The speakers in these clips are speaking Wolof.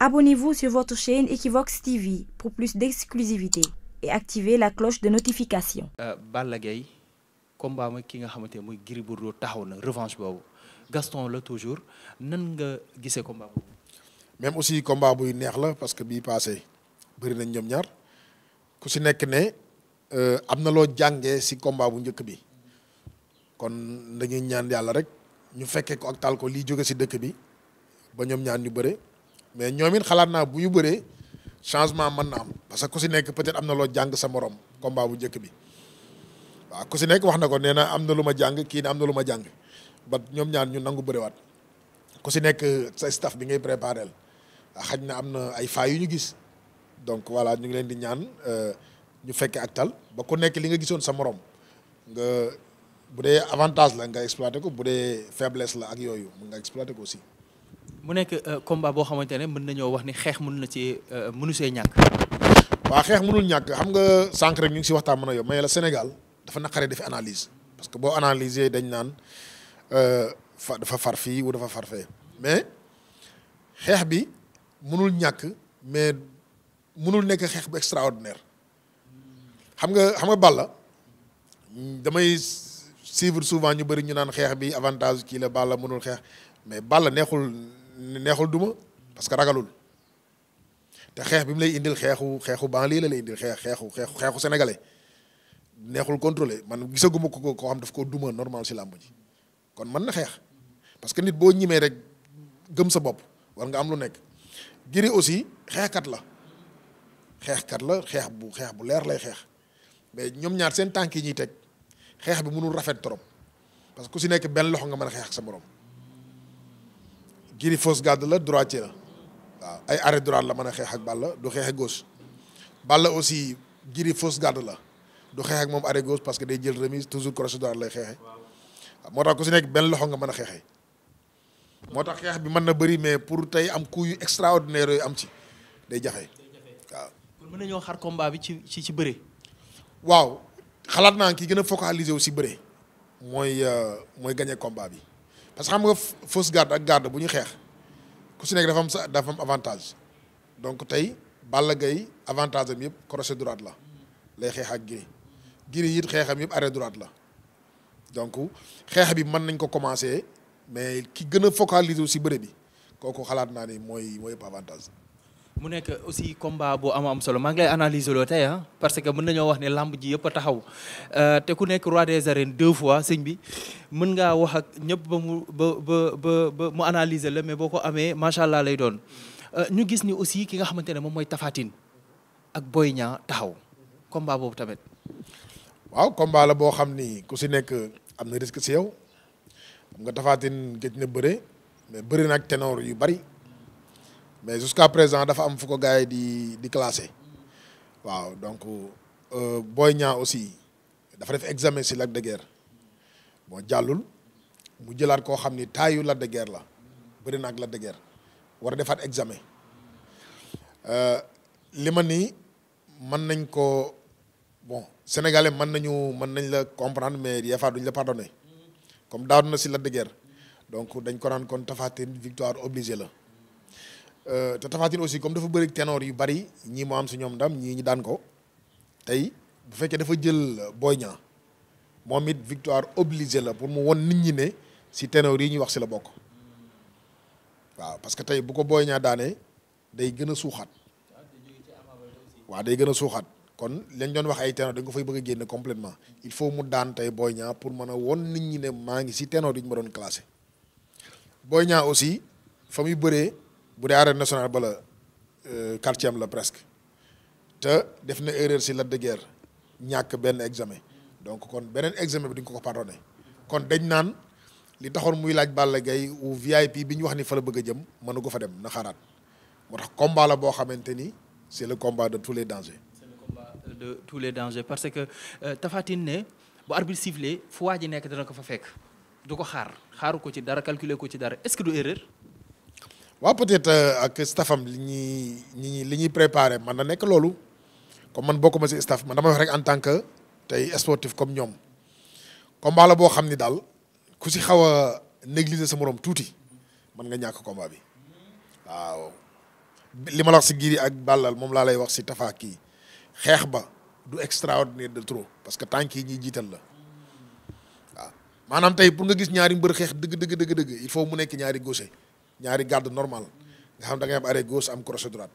Abonnez-vous sur votre chaîne Equivox TV pour plus d'exclusivité la cloche de notification. Euh, Balla Gaye combat ki nga xamante ne mooy Gris Bordeaux taxaw na revanche boobu Gaston la toujours nan nga gisee combat même aussi combat buy neex la parce que bii passé bëri nañ ñoom ñaar ku si nekk ne euh, am na loo jàngee si combat bu njëkk bi kon dañuy ñaan yàlla rek ñu fekkee ko ak taal ko li jóge si dëkk bi ba ñoom ñaar ñu bëre. mais ñoom it xalaat naa bu ñu bëree changement mën na am parce que ku si nekk peut-être am na loo jàng sa morom combat bu njëkk bi waaw ku si nekk wax na ko nee na am na lu ma jàng kii ne am na lu ma jàng ba ñoom ñaan ñu nangu waat ku si nekk uh, sa staff bi ngay préparé uh, xaj na am na ay failles yu ñu gis donc voilà ñu ngi leen di ñaan uh, ñu fekke ak tal ba ku nekk li nga gisoon sa morom nga bu dee avantage la nga exploité ko bu dee faiblesse la ak yooyu nga exploité ko aussi. mu nekk euh, combat boo xamante ne mën nañoo wax ni xeex mën na ci euh, mënu see ñàkk. waa xeex mënul ñàkk xam nga sànq ñu ngi si waxtaan mën a yow mais la dafa naqaree def analyse parce que boo analyser dañ naan euh, fa dafa far fii wu dafa far mais xeex bi mënul ñàkk mais mënul nekk xeex bu extraordinaire xam nga xam nga Balla damay suivre souvent ñu bëri ñu naan xeex bi avantage kii la Balla mënul xeex mais Balla neexul. neexul duma parce que ragalul te xeex bi mu lay indil xeexu xeexu banlieue la lay indil xeex xeexu xeexu xeexu sénégalais neexul contrôlé man gisaguma ko koo xam daf koo duma normal si làmb ji kon man na xeex parce que nit boo ñimee rek gëm sa bopp war nga am lu nekk Gris aussi xeexkat la xeexkat la xeex bu xeex bu leer lay xeex mais ñoom ñaar seen tànk yi ñuy teg xeex bi mënul rafet trop parce que ku si nekk benn loxo nga mën a xeex sa morom Gris fausse garde la droitier la waaw ay arrêt droit la mën a xeex ak Balla du xeex ak gauche Balla aussi giri fausse garde la du xeex ak moom arrêt gauche parce que day jël remise toujours crochet droit lay xeexee waaw moo tax ku si nekk benn loxo nga mën a xeexee moo tax xeex bi mën na bëri mais pour tey am coup yu extraordinaire yu am ci day jaxe waaw. kon mën nañoo xar komba bi ci ci ci bëre. waaw xalaat naa ki gën a focaliser wu si bëre mooy euh, mooy gagné combat bi. parce que xam nga fausse garde ak garde bu ñu xeex ku si nekk dafa am sa dafa am avantage donc tey Balla Gaye avantage am yëpp crochet droite la lay xeex ak Gris Gris it xeexam yëpp arrêt droite la donc xeex bi mën nañ ko commencer mais ki gën a focaliser wu si bëre bi kooku xalaat naa ni mooy mooy yëpp avantage mu nekk aussi combat bu am am solo maa ngi lay analyser loo tey ah parce que mën nañoo wax ne làmb ji yëpp a taxaw euh, te ku nekk roi des arènes deux fois sëñ bi mën ngaa wax ak ñëpp ba mu ba ba ba mu analyser la mais boo ko amee macha allah lay doon euh, ñu gis ni aussi ki nga xamante ne moom mooy Tapha ak Boy ñaa taxaw combat boobu tamit. waaw combat la boo xam ni ku si nekk am na risque si yow xam nga Tapha Tine gëj na bëre mais bëri nag ténor yu bari. mais jusqu'à présent dafa am fu ko gars yi di di classé waaw donc euh, Boy Niang aussi dafa def examen si Lac de Guiers jàllul mu jëlaat koo xam ni taayu Lac de Guiers la bëri na ak Lac de war a defaat examen euh, li ma ni mën nañ ko bon sénégalais mën nañu mën nañ la comprendre mais des fois duñ la pardonné comme daanu na si la de donc dañ ko naan kon Tapha Tine victoire obligée la. Euh, te Tapha Tine aussi comme dafa bëri ténor yu bari ñii moo am si ñoom ndam ñii ñu daan ko tey bu fekkee dafa jël euh, Boy Niang moom it victoire obligée la pour mu won nit ñi ne si ténor yi ñuy wax si la bokk waaw parce que tey bu ko Boy Niang daanee day gën a suuxaat waaw day gën a suuxaat kon lañ doon wax ay ténor dañ ko fay bëgg a génne complètement il faut mu daan tey Boy Niang pour mën a nit ñi ne maa ngi si ténor yi ñu ma doon classé booy ñaa aussi fa muy bëree. bu dee arène nationale ba la euh, quartier am la presque te def na erreur si Lac de Guiers ñàkk benn examen donc kon beneen examen bi duñ ko ko pardonné kon dañ naan li taxoon muy laaj Balla Gaye ou VIP bi ñu wax ni fa la bëgg a jëm mënu ko fa dem na xaaraat moo tax combat boo xamante ni c'est le combat de tous les dangers. les dangers parce que euh, Tapha ne bu arbitre sifflé fu waa nekk dana ko fa fekk du ko xaar xaaru ko ci dara calculer ko ci dara est-ce que du erreur. waaw peut-être euh, ak staffam li ñuy ñi li ñuy préparé man na nekk loolu comme man bokkuma ci staff man dama wax rek en tant que tey sportif comme ñoom combat la boo xam ni daal ku si xaw a négliger sa moroom tuuti mën nga ñàkk combat bi waaw li ma la wax ci Gris ak Balla moom laa lay wax si Tapha kii xeex ba du extraordinaire de trop parce que tànk yi ñuy jiital la waaw maanaam tey pour nga gis ñaari mbër xeex dëgg dëgg dëgg il faut mu nekk ñaari gaucher ñaari garde normal nga xam da ngay am arrêt gauche am crochet droite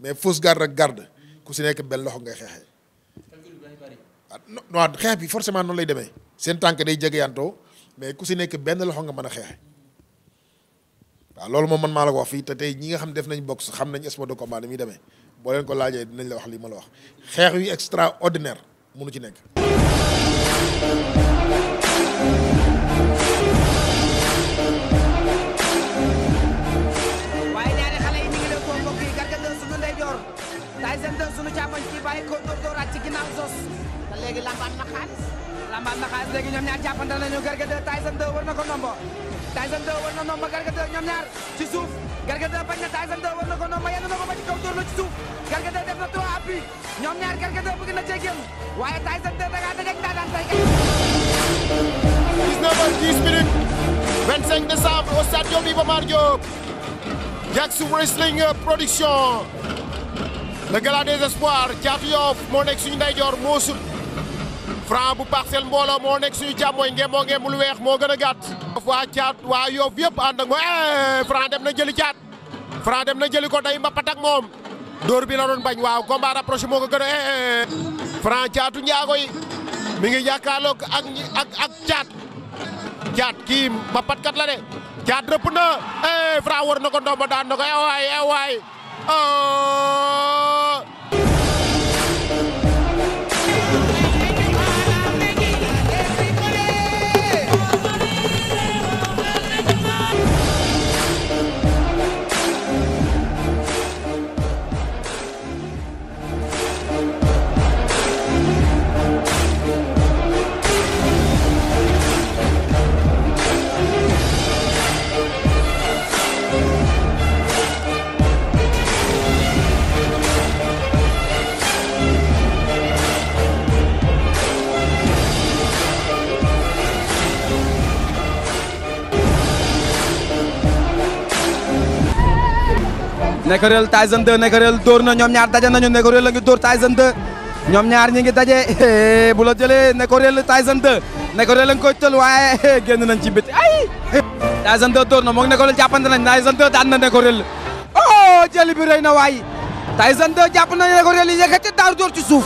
mais fausse garde ak garde ku si nekk benn loxo ngay xeexee. waaw ah, xeex bi forcément noonu lay demee. seen tànk day jegeyantoo mais ku si nekk benn loxo nga mën a xeexee waaw loolu moom mën maa la ko wax fii te tey ñi nga xam def nañ boxe xam nañ sport de combat ni muy demee boo leen ko laajee dinañ la wax li ma la wax xeex yu extraordinaire mënu ci nekk. léegi lambaat na xaalis lambaat na xaalis léegi ñoom ñaar jàppante nañu Garga 2 Tyson 2 na ko nombo Tyson 2 war na nombo Garga ñoom ñaar ci suuf Garga 2 na Tyson 2 war na ko nombo yenn na ba ci kaw na ci suuf Garga def na trois appui ñoom ñaar Garga 2 bëgg waaye Tyson 2 da ngaa dëgg daan tey 19 heures 10 minutes 25 décembre au stade Iba Mar Diop Jackson Wrestling Production le gala des espoirs Thiatou Yoff moo nekk suñu Franc bu parcelle mbooloo moo nekk suñu càmmooñ ngémboo ngémbu lu weex moo gën a waa caat waa yoof yëpp ànd ak mooy eh, Franc dem na jëli caat Franc dem na jëli ko day mbapat ak moom dóor bi la bañ waaw combat rapproché moo ko gën a eh, eh. Franc caatu njaago yi mi ngi jàkkaarloog ak ak caat caat kii mbapat kat la de caat rëpp na Franc war na ko ndomba daan na ko ewaay ewaay oh! Néckorel Tyson 2 Néckorel dóor na ñoom ñaar daje nañu Néckorel la ngi dóor Tyson 2 ñoom ñaar ñi ngi daje bu la jëlee Néckorel Tyson 2 Néckorel la ngi koy tël waaye génn nañ ci biti ay Tyson 2 dóor na moog Néckorel jàppante nañ Tyson 2 daan na Néckorel oh jëli bi rëy na waay Tyson 2 jàpp na Néckorel yi yëkkati daar dóor ci suuf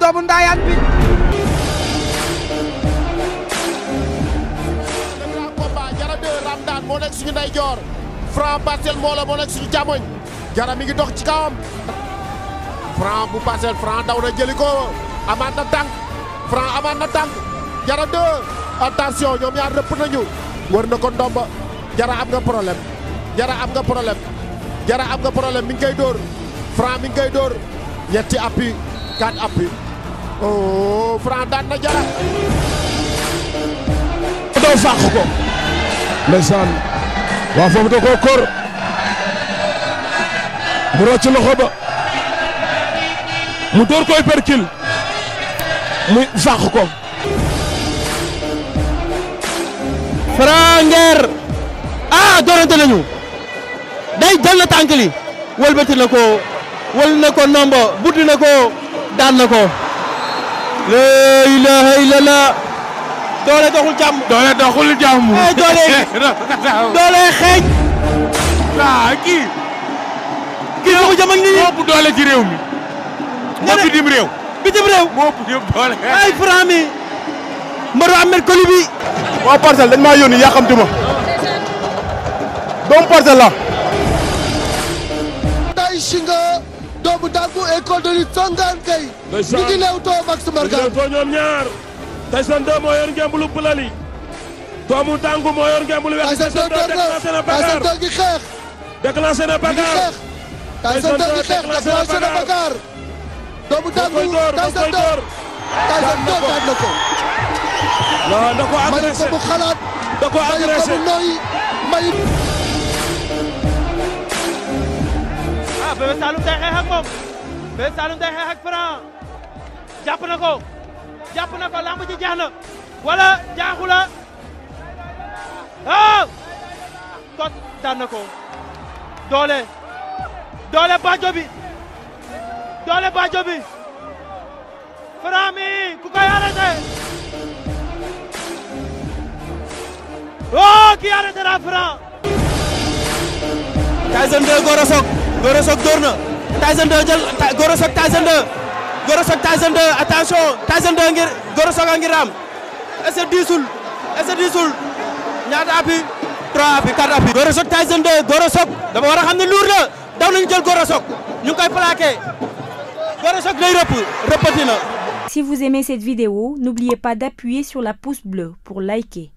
doomu ndaayaan bi moo Franc parcelle moo la moo nekk suñu càmmoñ jara mi ngi dox ci kawam Franc bu parcelle Franc daw na jëli ko amaat na tànk Franc amaat na tànk jara deux attention ñoom ñaar rëpp nañu wër na ko ndomba jara am nga problème jara am nga problèm jara am nga problème mi ngi koy dóor Franc mi ngi koy dóor ñetti appui quatre appui oh Franc daan na jara doo fàq ko ndeysaan waaw foofu da koo kóor mu rocc loxo ba mu dóor koy perkil ko Franc Nguer ah doorante nañu day jël na tànk li wëlbati ko wël ko nomba buddi na ko daan ko la ilaha doole doxul jàmm. doole doxul jàmm. Eh, doole doole xeeñ. ah kii. kii doxul jàmm doole ci réew mi. nga ne bitim réew. bitim réew. moo ëpp yëpp doole. ay franc mi. dañ maa yónni yàqamti doomu parcelle la. Nday Shinga doomu dàggu école de lutte Songane Gueye. ndeysaan ñu too Max Mbargane Tyson 2 moo yor ngemb lu yi doomu tàngu moo yor ngemb lu weex. Tyson gi xeex. déclenché na Bakar. doomu tàngu Tyson 2 Tyson 2 daan na ko. non da xalaat. da ko ko mu noyyi mayu. ah Bébé Saloum day moom Bébé Saloum day xeex ak Franc ko. jàpp na ko lamb ji jeex na wala jaaxu la kot daan na ko doole doole baajo bi doole baajo bi Franc ku koy arrêté oh kii arrêté na Franc. Tyson 2 Gora Sock Gora Sock door na Tyson 2 jël Gora Sock Tyson 2. Gora Sock Tyson 2 attention Tyson 2 ngir Gora Sock a ngir est-ce que diisul est-ce que diisul ñaata appui 3 appui 4 appui. Gora Sock Tyson 2 Gora Sock dama war ne luur la daw nañu koy plaqué Gora Sock day rëpp Si vous aimez cette vidéo, n'oubliez pas d'appuyer sur la pouce bleue pour liker.